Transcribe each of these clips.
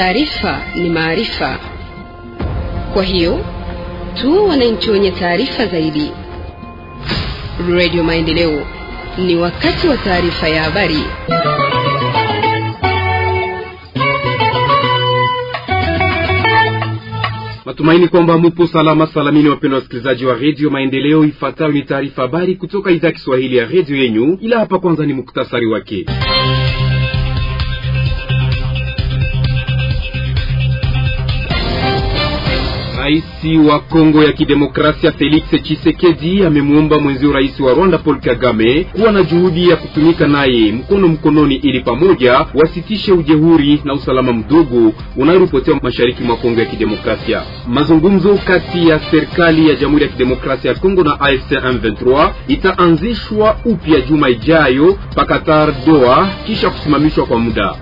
taarifa ni maarifa. Kwa hiyo tu wananchi wenye taarifa zaidi. Radio Maendeleo, ni wakati wa taarifa ya habari. Natumaini kwamba mupo salama salamini, wapendwa wasikilizaji wa redio Maendeleo. Ifuatayo ni taarifa habari kutoka idhaa Kiswahili ya redio yenyu, ila hapa kwanza ni muktasari wake. Rais wa Kongo ya Kidemokrasia Felix Tshisekedi amemwomba mwenzio rais wa Rwanda Paul Kagame kuwa na juhudi ya kutumika naye mkono mkononi, ili pamoja wasitishe ujehuri na usalama mdogo unayoripotiwa mashariki mwa Kongo ya Kidemokrasia. Mazungumzo kati ya serikali ya Jamhuri ya Kidemokrasia ya Kongo na AFC M23 itaanzishwa upya juma ijayo pa Qatar Doha, kisha kusimamishwa kwa muda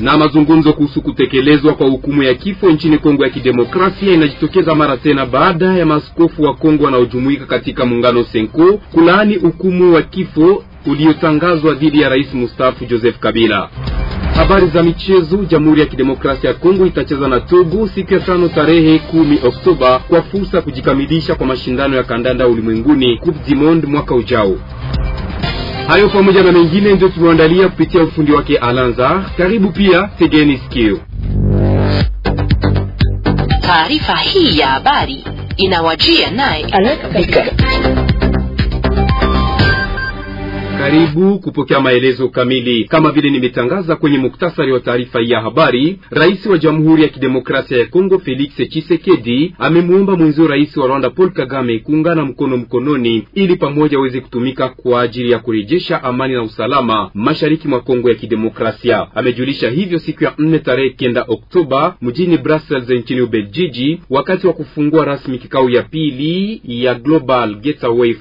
na mazungumzo kuhusu kutekelezwa kwa hukumu ya kifo nchini Kongo ya Kidemokrasia inajitokeza mara tena baada ya maaskofu wa Kongo wanaojumuika katika muungano Senko kulaani hukumu wa kifo uliotangazwa dhidi ya rais mustafu Joseph Kabila. Habari za michezo. Jamhuri ya Kidemokrasia ya Kongo itacheza na Togo siku ya tano tarehe kumi Oktoba kwa fursa ya kujikamilisha kwa mashindano ya kandanda ulimwenguni Coupe du Monde mwaka ujao. Hayo pamoja na mengine ndio tumeandalia kupitia ufundi wake Alanza. Karibu pia, tegeni sikio. Taarifa hii ya habari inawajia naye karibu kupokea maelezo kamili. Kama vile nimetangaza kwenye muktasari wa taarifa hii ya habari, rais wa Jamhuri ya Kidemokrasia ya Kongo Felix Tshisekedi amemwomba mwenzio rais wa Rwanda Paul Kagame kuungana mkono mkononi, ili pamoja waweze kutumika kwa ajili ya kurejesha amani na usalama mashariki mwa Kongo ya Kidemokrasia. Amejulisha hivyo siku ya nne tarehe kenda Oktoba mjini Brussels nchini Ubeljiji, wakati wa kufungua rasmi kikao ya pili ya Global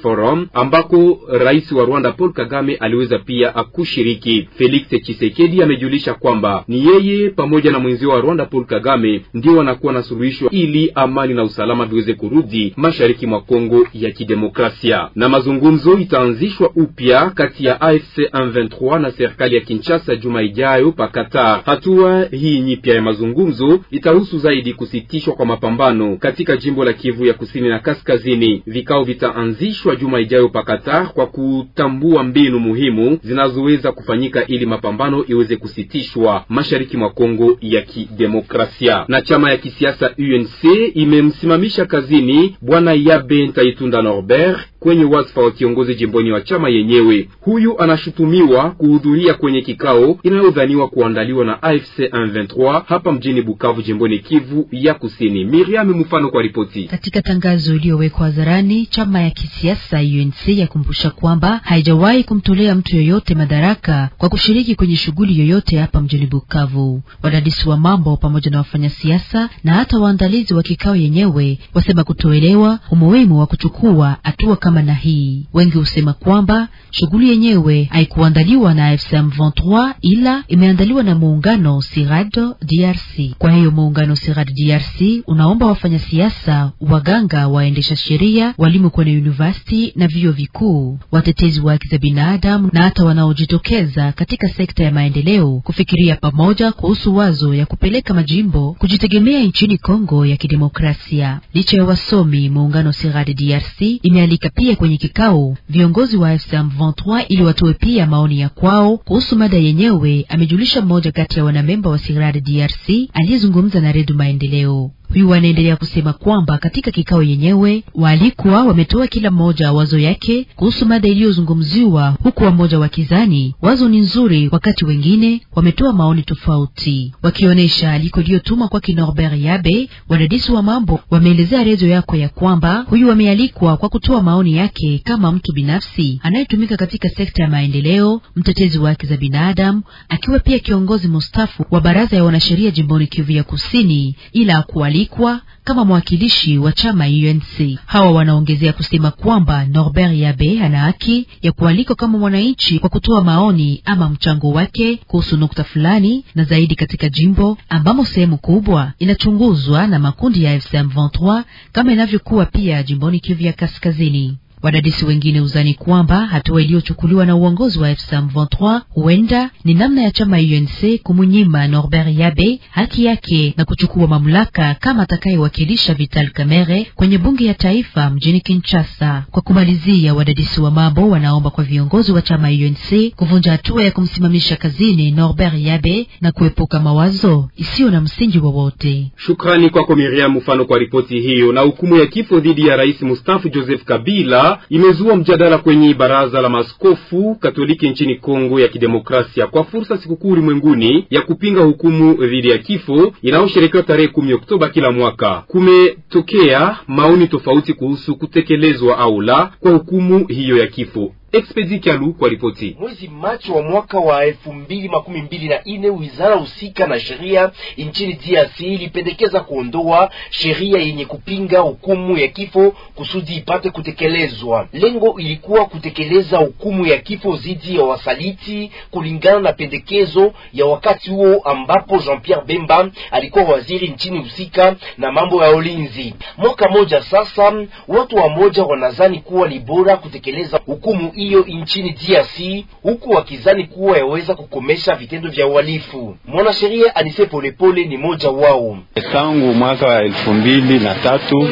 Forum ambako rais wa Rwanda Paul Kagame Kagame aliweza pia akushiriki. Felix chisekedi amejulisha kwamba ni yeye pamoja na mwenzio wa Rwanda Paul Kagame ndio wanakuwa na suluhisho ili amani na usalama viweze kurudi mashariki mwa Kongo ya Kidemokrasia, na mazungumzo itaanzishwa upya kati ya AFC M23 na serikali ya Kinshasa juma ijayo pa Qatar. Hatua hii nyipya ya mazungumzo itahusu zaidi kusitishwa kwa mapambano katika jimbo la Kivu ya kusini na kaskazini. Vikao vitaanzishwa juma ijayo pa Qatar kwa kutambua mbinu muhimu zinazoweza kufanyika ili mapambano iweze kusitishwa mashariki mwa Kongo ya Kidemokrasia. Na chama ya kisiasa UNC imemsimamisha kazini bwana Yabe Ntaitunda Norbert kwenye wasfa wa kiongozi jimboni wa chama yenyewe. Huyu anashutumiwa kuhudhuria kwenye kikao inayodhaniwa kuandaliwa na AFC 23 hapa mjini Bukavu, jimboni Kivu ya Kusini. Miriam Mfano kwa ripoti. Katika tangazo iliyowekwa hadharani, chama ya kisiasa UNC yakumbusha kwamba haijawahi kumtolea mtu yoyote madaraka kwa kushiriki kwenye shughuli yoyote hapa mjini Bukavu. Wadadisi wa mambo pamoja na wafanyasiasa na hata waandalizi wa kikao yenyewe wasema kutoelewa umuhimu wa kuchukua hatua kama na hii. Wengi husema kwamba shughuli yenyewe haikuandaliwa na FCM 23 ila imeandaliwa na muungano Sirad DRC. Kwa hiyo muungano Sirad DRC unaomba wafanyasiasa, waganga, waendesha sheria, walimu kwenye university na vyuo vikuu, watetezi wa haki za binadamu na hata wanaojitokeza katika sekta ya maendeleo kufikiria pamoja kuhusu wazo ya kupeleka majimbo kujitegemea nchini Kongo ya Kidemokrasia. Licha ya wasomi, muungano Sirad DRC imealika pia kwenye kikao viongozi wa M23 ili watoe pia maoni ya kwao kuhusu mada yenyewe, amejulisha mmoja kati ya wanamemba wa Sigrad DRC aliyezungumza na Redu Maendeleo huyu anaendelea kusema kwamba katika kikao yenyewe walikuwa wametoa kila mmoja wazo yake kuhusu mada iliyozungumziwa, huku wamoja wakizani wazo ni nzuri, wakati wengine wametoa maoni tofauti, wakionyesha aliko iliyotumwa kwake Norbert Yabe. Wadadisi wa mambo wameelezea redio yako ya kwamba huyu amealikwa kwa kutoa maoni yake kama mtu binafsi anayetumika katika sekta ya maendeleo, mtetezi wa haki za binadamu, akiwa pia kiongozi mustafu wa baraza ya wanasheria jimboni Kivu ya Kusini, ila kuali alialikwa kama mwakilishi wa chama UNC. Hawa wanaongezea kusema kwamba Norbert Yabe ana haki ya kualikwa kama mwananchi kwa kutoa maoni ama mchango wake kuhusu nukta fulani, na zaidi katika jimbo ambamo sehemu kubwa inachunguzwa na makundi ya FCM23 kama inavyokuwa pia jimboni Kivu ya Kaskazini. Wadadisi wengine huzani kwamba hatua iliyochukuliwa na uongozi wa fsm 23 huenda ni namna ya chama UNC kumunyima Norbert Yabe haki yake na kuchukua mamlaka kama atakayewakilisha Vital Kamerhe kwenye bunge ya taifa mjini Kinshasa. Kwa kumalizia, wadadisi wa mambo wanaomba kwa viongozi wa chama UNC kuvunja hatua ya kumsimamisha kazini Norbert Yabe na kuepuka mawazo isiyo na msingi wowote. Shukrani kwako Miriam Mfano kwa ripoti hiyo. Na hukumu ya kifo dhidi ya Rais mustafu Joseph Kabila imezua mjadala kwenye baraza la maskofu Katoliki nchini Kongo ya Kidemokrasia kwa fursa sikukuu ulimwenguni ya kupinga hukumu dhidi ya kifo inayosherekewa tarehe kumi Oktoba kila mwaka. Kumetokea maoni tofauti kuhusu kutekelezwa au la kwa hukumu hiyo ya kifo. Expedi Kalu kwa ripoti. Mwezi Machi wa mwaka wa elfu mbili makumi mbili na ine wizara husika na sheria nchini DRC ilipendekeza kuondoa sheria yenye kupinga hukumu ya kifo kusudi ipate kutekelezwa. Lengo ilikuwa kutekeleza hukumu ya kifo dhidi ya wasaliti kulingana na pendekezo ya wakati huo ambapo Jean-Pierre Bemba alikuwa waziri nchini husika na mambo ya ulinzi. Mwaka moja sasa, watu wa moja wanazani kuwa ni bora kutekeleza hukumu hiyo nchini DRC, huku wakizani kuwa yaweza kukomesha vitendo vya uhalifu. Mwanasheria Anise Polepole ni moja wao. Tangu mwaka wa elfu mbili na tatu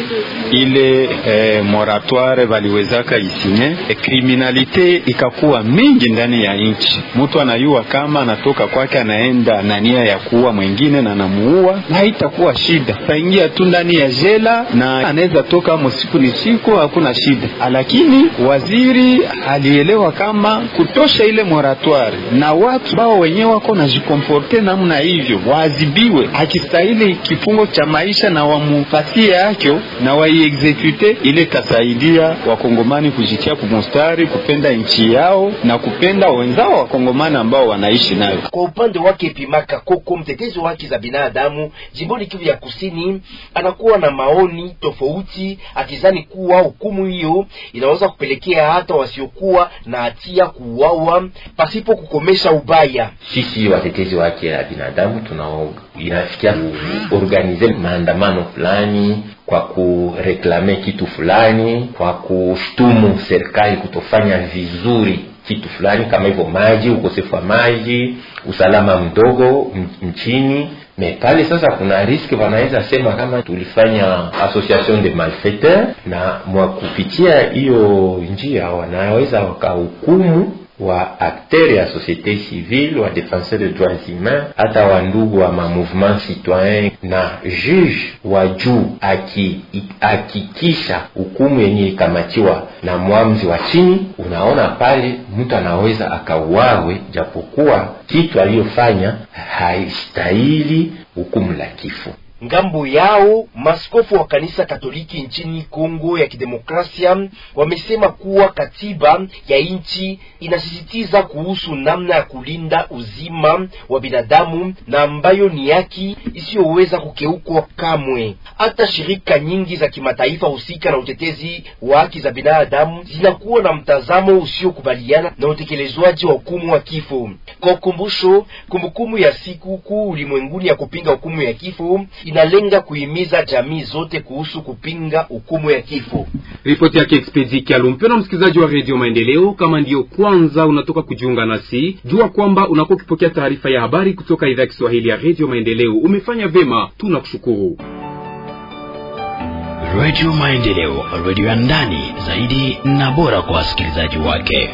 ile eh, moratoire waliwezaka isine e, eh, kriminalite ikakuwa mingi ndani ya nchi. Mtu anayua kama anatoka kwake anaenda na nia ya kuua mwingine na anamuua, na haitakuwa shida, taingia tu ndani ya jela na anaweza toka mosiku ni siku, hakuna shida, lakini waziri alielewa kama kutosha ile moratoire na watu bao wenyewe wako najikomporte namna hivyo waadhibiwe, akistahili kifungo cha maisha na wamupatie yakyo na waiexekute, ile tasaidia wakongomani kujitia kumustari, kupenda nchi yao na kupenda wenzao wakongomani ambao wanaishi nayo. Kwa upande wake Pimaka Koko, mtetezi wa haki za binadamu jimboni Kivu ya Kusini, anakuwa na maoni tofauti, akizani kuwa hukumu hiyo inaweza kupelekea hata wasiokuwa kuwa na hatia kuuawa pasipo kukomesha ubaya. Sisi watetezi wa haki ya binadamu tunaoga inafikia kuorganize maandamano fulani kwa kureklame kitu fulani, kwa kushtumu serikali kutofanya vizuri kitu fulani, kama hivyo maji, ukosefu wa maji, usalama mdogo nchini me pale sasa kuna riski, wanaweza sema kama tulifanya association de malfaiteur, na mwa kupitia hiyo njia wanaweza wakahukumu wa akteri ya societe civile wa defenseur de droits humains, hata wa ndugu wa mouvement citoyen na juge wa juu akihakikisha hukumu yenye ikamatiwa na mwamzi wa chini. Unaona pale mtu anaweza akauawe, japokuwa kitu aliyofanya haistahili hukumu la kifo. Ngambo yao maskofu wa kanisa Katoliki nchini Kongo ya Kidemokrasia wamesema kuwa katiba ya nchi inasisitiza kuhusu namna ya kulinda uzima wa binadamu na ambayo ni haki isiyoweza kukeukwa kamwe. Hata shirika nyingi za kimataifa husika na utetezi wa haki za binadamu zinakuwa na mtazamo usiokubaliana na utekelezwaji wa hukumu wa kifo. Kwa ukumbusho, kumbukumbu ya siku kuu ulimwenguni ya kupinga hukumu ya kifo inalenga kuhimiza jamii zote kuhusu kupinga hukumu ya kifo. Ripoti yake Expedi Kialu. Na msikilizaji wa Radio Maendeleo, kama ndiyo kwanza unatoka kujiunga nasi, jua kwamba unakuwa ukipokea taarifa ya habari kutoka idhaa ya Kiswahili ya Radio Maendeleo. Umefanya vyema, tunakushukuru. Radio Maendeleo, radio ya ndani zaidi na bora kwa wasikilizaji wake.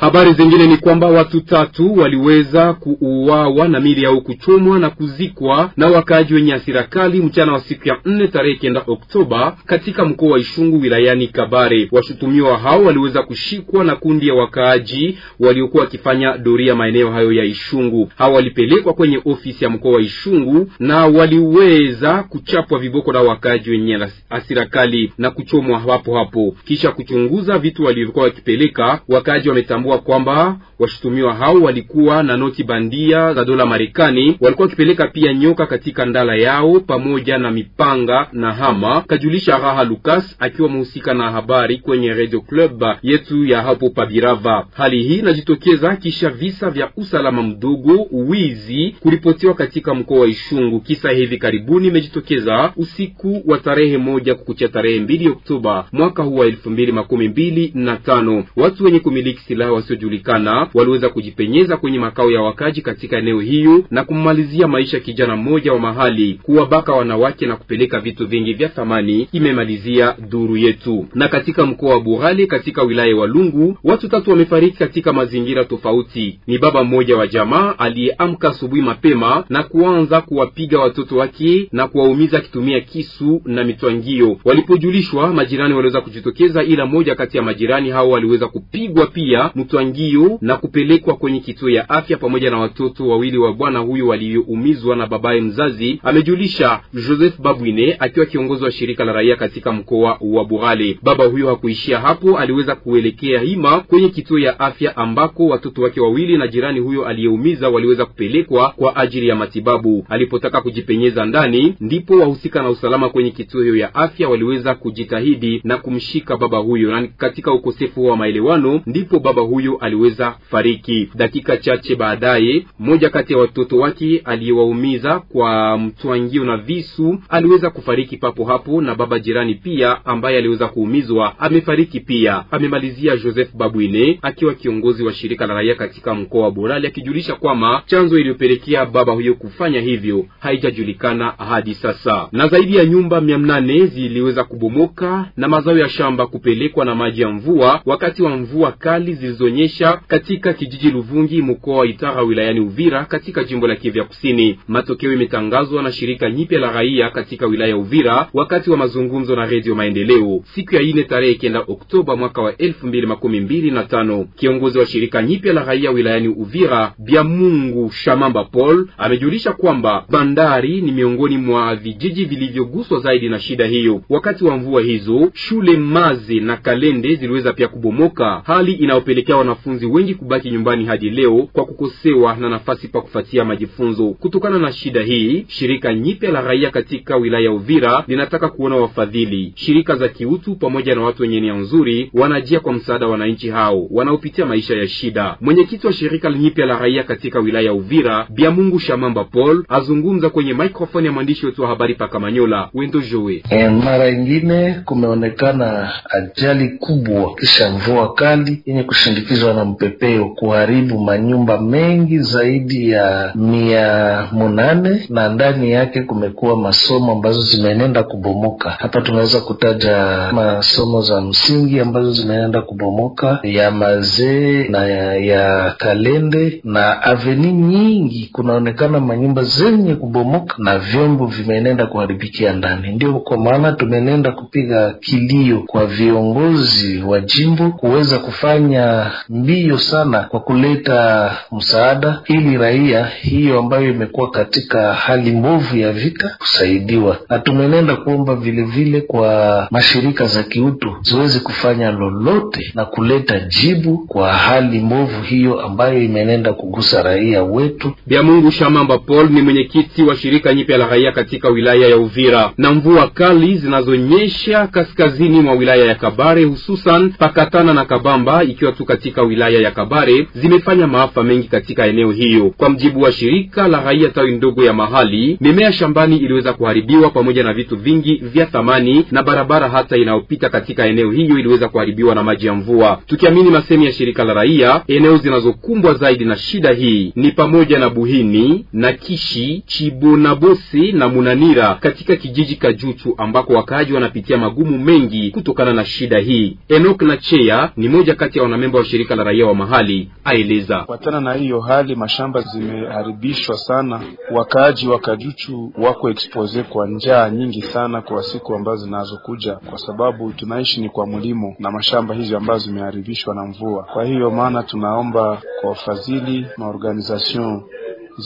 Habari zingine ni kwamba watu tatu waliweza kuuawa na mili yao kuchomwa na kuzikwa na wakaaji wenye hasira kali mchana wa siku ya nne tarehe kenda Oktoba katika mkoa wa Ishungu wilayani Kabare. Washutumiwa hao waliweza kushikwa na kundi ya wakaaji waliokuwa wakifanya doria maeneo hayo ya Ishungu. Hao walipelekwa kwenye ofisi ya mkoa wa Ishungu na waliweza kuchapwa viboko na wakaaji wenye hasira kali na kuchomwa hapo hapo. Kisha kuchunguza vitu walivyokuwa wakipeleka, wakaaji wametambua kutambua kwamba washutumiwa hao walikuwa na noti bandia za dola Marekani, walikuwa wakipeleka pia nyoka katika ndala yao pamoja na mipanga na hama, kajulisha Raha Lukas akiwa mhusika na habari kwenye Radio Club yetu ya hapo Pabirava. Hali hii inajitokeza kisha visa vya usalama mdogo, wizi kuripotiwa katika mkoa wa Ishungu. Kisa hivi karibuni imejitokeza usiku wa tarehe moja kukuchia tarehe mbili Oktoba mwaka huu wa elfu mbili makumi mbili na tano watu wenye kumiliki silaha wasiojulikana waliweza kujipenyeza kwenye makao ya wakaji katika eneo hiyo na kummalizia maisha kijana mmoja wa mahali, kuwabaka wanawake na kupeleka vitu vingi vya thamani, imemalizia duru yetu. Na katika mkoa wa Burale katika wilaya wa lungu watu tatu wamefariki katika mazingira tofauti. Ni baba mmoja wa jamaa aliyeamka asubuhi mapema na kuanza kuwapiga watoto wake na kuwaumiza akitumia kisu na mitwangio. Walipojulishwa, majirani waliweza kujitokeza, ila mmoja kati ya majirani hao aliweza kupigwa pia Mtwangio na kupelekwa kwenye kituo ya afya pamoja na watoto wawili wa bwana huyo walioumizwa na babaye mzazi, amejulisha Joseph Babwine akiwa kiongozi wa shirika la raia katika mkoa wa Burale. Baba huyo hakuishia hapo, aliweza kuelekea Hima kwenye kituo ya afya ambako watoto wake wawili na jirani huyo aliyeumiza waliweza kupelekwa kwa ajili ya matibabu. Alipotaka kujipenyeza ndani, ndipo wahusika na usalama kwenye kituo hiyo ya afya waliweza kujitahidi na kumshika baba huyo, na katika ukosefu wa maelewano ndipo baba huyo huyo aliweza fariki. Dakika chache baadaye, mmoja kati ya watoto wake aliyewaumiza kwa mtwangio na visu aliweza kufariki papo hapo, na baba jirani pia ambaye aliweza kuumizwa amefariki pia, amemalizia Joseph Babwine akiwa kiongozi wa shirika la raia katika mkoa wa Borali, akijulisha kwamba chanzo iliyopelekea baba huyo kufanya hivyo haijajulikana hadi sasa, na zaidi ya nyumba mia nane ziliweza kubomoka na mazao ya shamba kupelekwa na maji ya mvua wakati wa mvua kali zilizo ulionyesha katika kijiji Luvungi, mkoa wa Itara, wilayani Uvira, katika jimbo la Kivu Kusini. Matokeo imetangazwa na shirika nyipya la raia katika wilaya ya Uvira wakati wa mazungumzo na Redio Maendeleo siku ya ine tarehe kenda Oktoba mwaka wa elfu mbili makumi mbili na tano. Kiongozi wa shirika nyipya la raia wilayani Uvira, Mungu Shamamba Paul, amejulisha kwamba bandari ni miongoni mwa vijiji vilivyoguswa zaidi na shida hiyo. Wakati wa mvua hizo, shule Maze na Kalende ziliweza pia kubomoka, hali inayopelekea wanafunzi wengi kubaki nyumbani hadi leo kwa kukosewa na nafasi pa kufuatia majifunzo. Kutokana na shida hii, shirika nyipya la raia katika wilaya ya Uvira linataka kuona wafadhili, shirika za kiutu pamoja na watu wenye nia nzuri wanajia kwa msaada wa wananchi hao wanaopitia maisha ya shida. Mwenyekiti wa shirika nyipya la raia katika wilaya ya Uvira, Biamungu Shamamba Paul, azungumza kwenye mikrofoni ya mwandishi wetu wa habari Pakamanyola Wendo Joe. E, mara ingine kumeonekana ajali kubwa kisha mvua kali yenye kushinda zilipindikizwa na mpepeo kuharibu manyumba mengi zaidi ya mia munane na ndani yake kumekuwa masomo ambazo zimenenda kubomoka. Hapa tunaweza kutaja masomo za msingi ambazo zimenenda kubomoka ya mazee na ya, ya Kalende na aveni nyingi, kunaonekana manyumba zenye kubomoka na vyombo vimenenda kuharibikia ndani. Ndio kwa maana tumenenda kupiga kilio kwa viongozi wa jimbo kuweza kufanya mbio sana kwa kuleta msaada ili raia hiyo ambayo imekuwa katika hali mbovu ya vita kusaidiwa, na tumenenda kuomba vilevile kwa mashirika za kiutu ziweze kufanya lolote na kuleta jibu kwa hali mbovu hiyo ambayo imenenda kugusa raia wetu. Mungu Shamamba Paul ni mwenyekiti wa shirika nyipya la raia katika wilaya ya Uvira. Na mvua kali zinazonyesha kaskazini mwa wilaya ya Kabare, hususan pakatana na Kabamba, ikiwa tuka katika wilaya ya Kabare zimefanya maafa mengi katika eneo hiyo. Kwa mjibu wa shirika la raia tawi ndogo ya mahali, mimea shambani iliweza kuharibiwa pamoja na vitu vingi vya thamani, na barabara hata inayopita katika eneo hiyo iliweza kuharibiwa na maji ya mvua. Tukiamini masemi ya shirika la raia, eneo zinazokumbwa zaidi na shida hii ni pamoja na Buhini na Kishi, Chibonabosi na Munanira katika kijiji Kajuchu ambako wakaaji wanapitia magumu mengi kutokana na shida hii. Enoch na Cheya ni moja kati ya wanamemba wa shirika la raia wa mahali aeleza. Kufuatana na hiyo hali, mashamba zimeharibishwa sana, wakaaji wa Kajuchu wako expose kwa njaa nyingi sana kwa siku ambazo zinazokuja, kwa sababu tunaishi ni kwa mlimo na mashamba hizi ambazo zimeharibishwa na mvua. Kwa hiyo maana tunaomba kwa ufadhili maorganization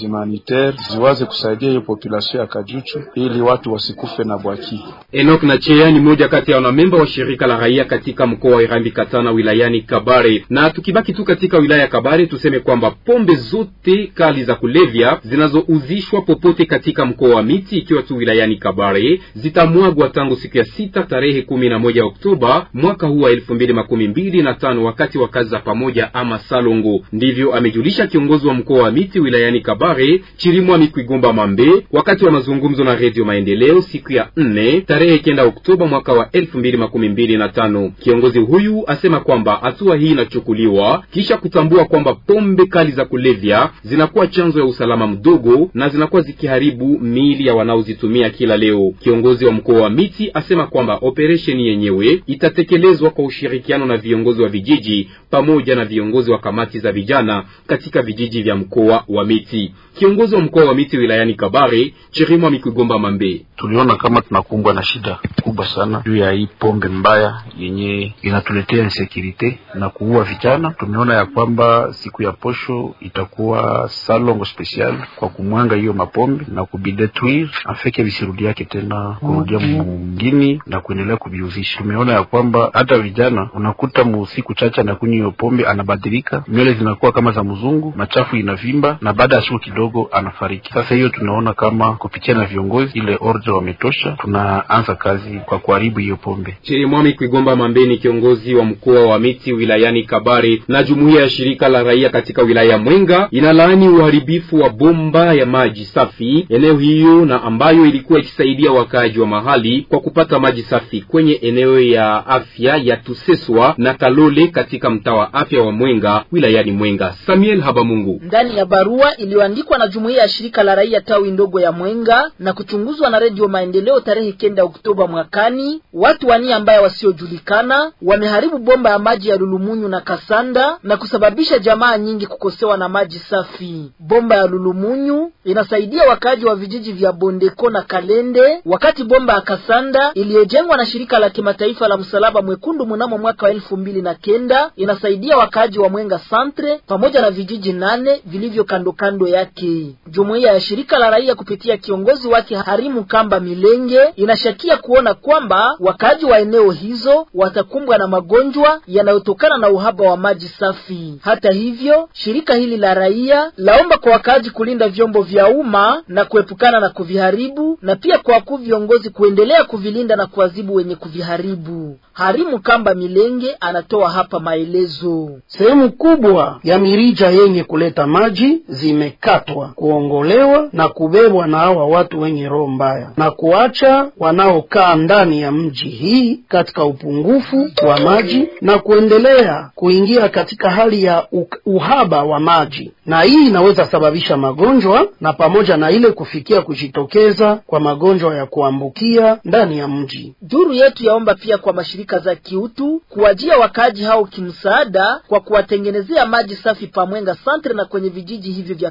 humanitaire ziwaze kusaidia hiyo population ya Kajuchu ili watu wasikufe na bwaki. Enoch na Chea ni moja kati ya wanamemba wa shirika la raia katika mkoa wa Irambi Katana wilayani Kabare. Na tukibaki tu katika wilaya ya Kabare, tuseme kwamba pombe zote kali za kulevya zinazouzishwa popote katika mkoa wa Miti ikiwa tu wilayani Kabare zitamwagwa tangu siku ya sita tarehe kumi na moja Oktoba mwaka huu wa elfu mbili makumi mbili na tano wakati wa kazi za pamoja ama salongo. Ndivyo amejulisha kiongozi wa mkoa wa Miti wilayani Kabare Kabare Chirimwa Mikwigomba Mambe wakati wa mazungumzo na Redio Maendeleo siku ya nne tarehe kenda Oktoba mwaka wa elfu mbili makumi mbili na tano. Kiongozi huyu asema kwamba hatua hii inachukuliwa kisha kutambua kwamba pombe kali za kulevya zinakuwa chanzo ya usalama mdogo na zinakuwa zikiharibu miili ya wanaozitumia kila leo. Kiongozi wa mkoa wa Miti asema kwamba operesheni yenyewe itatekelezwa kwa ushirikiano na viongozi wa vijiji pamoja na viongozi wa kamati za vijana katika vijiji vya mkoa wa Miti. Kiongozi wa mkoa wa Miti wilayani Kabare, Cherimwa Mikugomba Mambe: tuliona kama tunakumbwa na shida kubwa sana juu ya hii pombe mbaya yenye inatuletea insecurity na kuua vijana. Tumeona ya kwamba siku ya posho itakuwa salongo special kwa kumwanga hiyo mapombe na kubidetruire afeke visirudi yake tena kurudia mungini na kuendelea kuviuzisha. Tumeona ya kwamba hata vijana unakuta musiku chache anakunywa hiyo pombe, anabadilika, nywele zinakuwa kama za mzungu, machafu inavimba, na baada ya mtu kidogo anafariki. Sasa hiyo tunaona kama kupitia na viongozi ile order wametosha, tunaanza kazi kwa kuharibu hiyo pombe. Chirimwami Kwigomba Mambeni, kiongozi wa mkoa wa miti wilayani Kabare, na jumuiya ya shirika la raia katika wilaya Mwenga inalaani uharibifu wa bomba ya maji safi eneo hiyo, na ambayo ilikuwa ikisaidia wakaaji wa mahali kwa kupata maji safi kwenye eneo ya afya ya Tuseswa na Kalole katika mtaa wa afya wa Mwenga wilayani Mwenga. Samuel Habamungu ndani ya barua iliyo iliyoandikwa na jumuiya ya shirika la raia tawi ndogo ya Mwenga na kuchunguzwa na Redio Maendeleo tarehe kenda Oktoba mwakani, watu wani ambaye wasiojulikana wameharibu bomba ya maji ya Lulumunyu na Kasanda na kusababisha jamaa nyingi kukosewa na maji safi. Bomba ya Lulumunyu inasaidia wakaaji wa vijiji vya Bondeko na Kalende, wakati bomba ya Kasanda iliyojengwa na shirika la kimataifa la Msalaba Mwekundu mnamo mwaka wa elfu mbili na kenda inasaidia wakaaji wa Mwenga Santre pamoja na vijiji nane vilivyo kandokando yake. Jumuiya ya shirika la raia kupitia kiongozi wake Harimu Kamba Milenge inashakia kuona kwamba wakaaji wa eneo hizo watakumbwa na magonjwa yanayotokana na uhaba wa maji safi. Hata hivyo, shirika hili la raia laomba kwa wakaaji kulinda vyombo vya umma na kuepukana na kuviharibu na pia kwa wakuu viongozi kuendelea kuvilinda na kuadhibu wenye kuviharibu. Harimu Kamba Milenge anatoa hapa maelezo. Sehemu kubwa ya mirija yenye kuleta maji zime kukatwa, kuongolewa na kubebwa na hawa watu wenye roho mbaya na kuacha wanaokaa ndani ya mji hii katika upungufu wa maji na kuendelea kuingia katika hali ya uhaba wa maji, na hii inaweza sababisha magonjwa na pamoja na ile kufikia kujitokeza kwa magonjwa ya kuambukia ndani ya mji. Duru yetu yaomba pia kwa mashirika za kiutu kuwajia wakaaji hao kimsaada kwa kuwatengenezea maji safi Pamwenga Santre na kwenye vijiji hivyo vya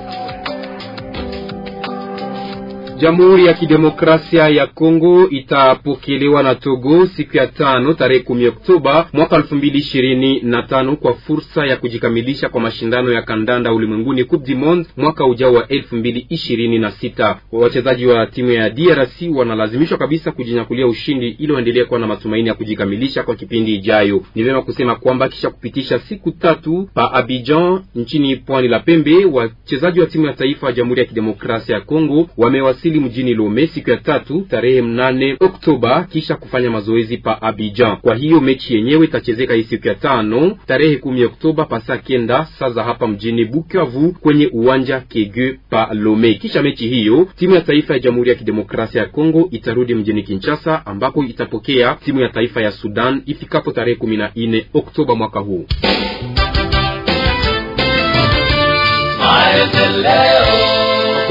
Jamhuri ya Kidemokrasia ya Kongo itapokelewa na Togo siku ya tano tarehe kumi Oktoba mwaka elfu mbili ishirini na tano kwa fursa ya kujikamilisha kwa mashindano ya kandanda ulimwenguni Coupe du Monde mwaka ujao wa elfu mbili ishirini na sita. Wachezaji wa timu ya DRC wanalazimishwa kabisa kujinyakulia ushindi ili waendelee kuwa na matumaini ya kujikamilisha kwa kipindi ijayo. Ni vyema kusema kwamba kisha kupitisha siku tatu pa Abidjan nchini pwani la Pembe, wachezaji wa timu ya taifa ya Jamhuri ya Kidemokrasia ya Kongo wamewasili aliwasili mjini Lome siku ya tatu tarehe mnane Oktoba kisha kufanya mazoezi pa Abidjan. Kwa hiyo mechi yenyewe itachezeka hii siku ya tano tarehe kumi Oktoba pasaa kenda saa za hapa mjini Bukavu kwenye uwanja Kegue pa Lome. Kisha mechi hiyo timu ya taifa ya Jamhuri ya Kidemokrasia ya Kongo itarudi mjini Kinshasa ambako itapokea timu ya taifa ya Sudan ifikapo tarehe kumi na nne Oktoba mwaka huu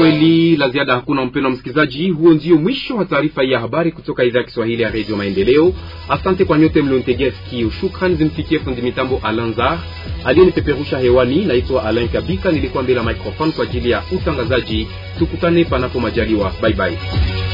kweli la ziada hakuna, mpendo wa msikilizaji, huo ndio mwisho wa taarifa hii ya habari kutoka idhaa ya Kiswahili ya redio Maendeleo. Asante kwa nyote mliontegea sikio. Shukrani zimfikie fundi mitambo Alanzar aliyenipeperusha hewani. Naitwa Alain Kabika, nilikuwa mbele ya microphone kwa ajili ya utangazaji. Tukutane panapo majaliwa, bye bye.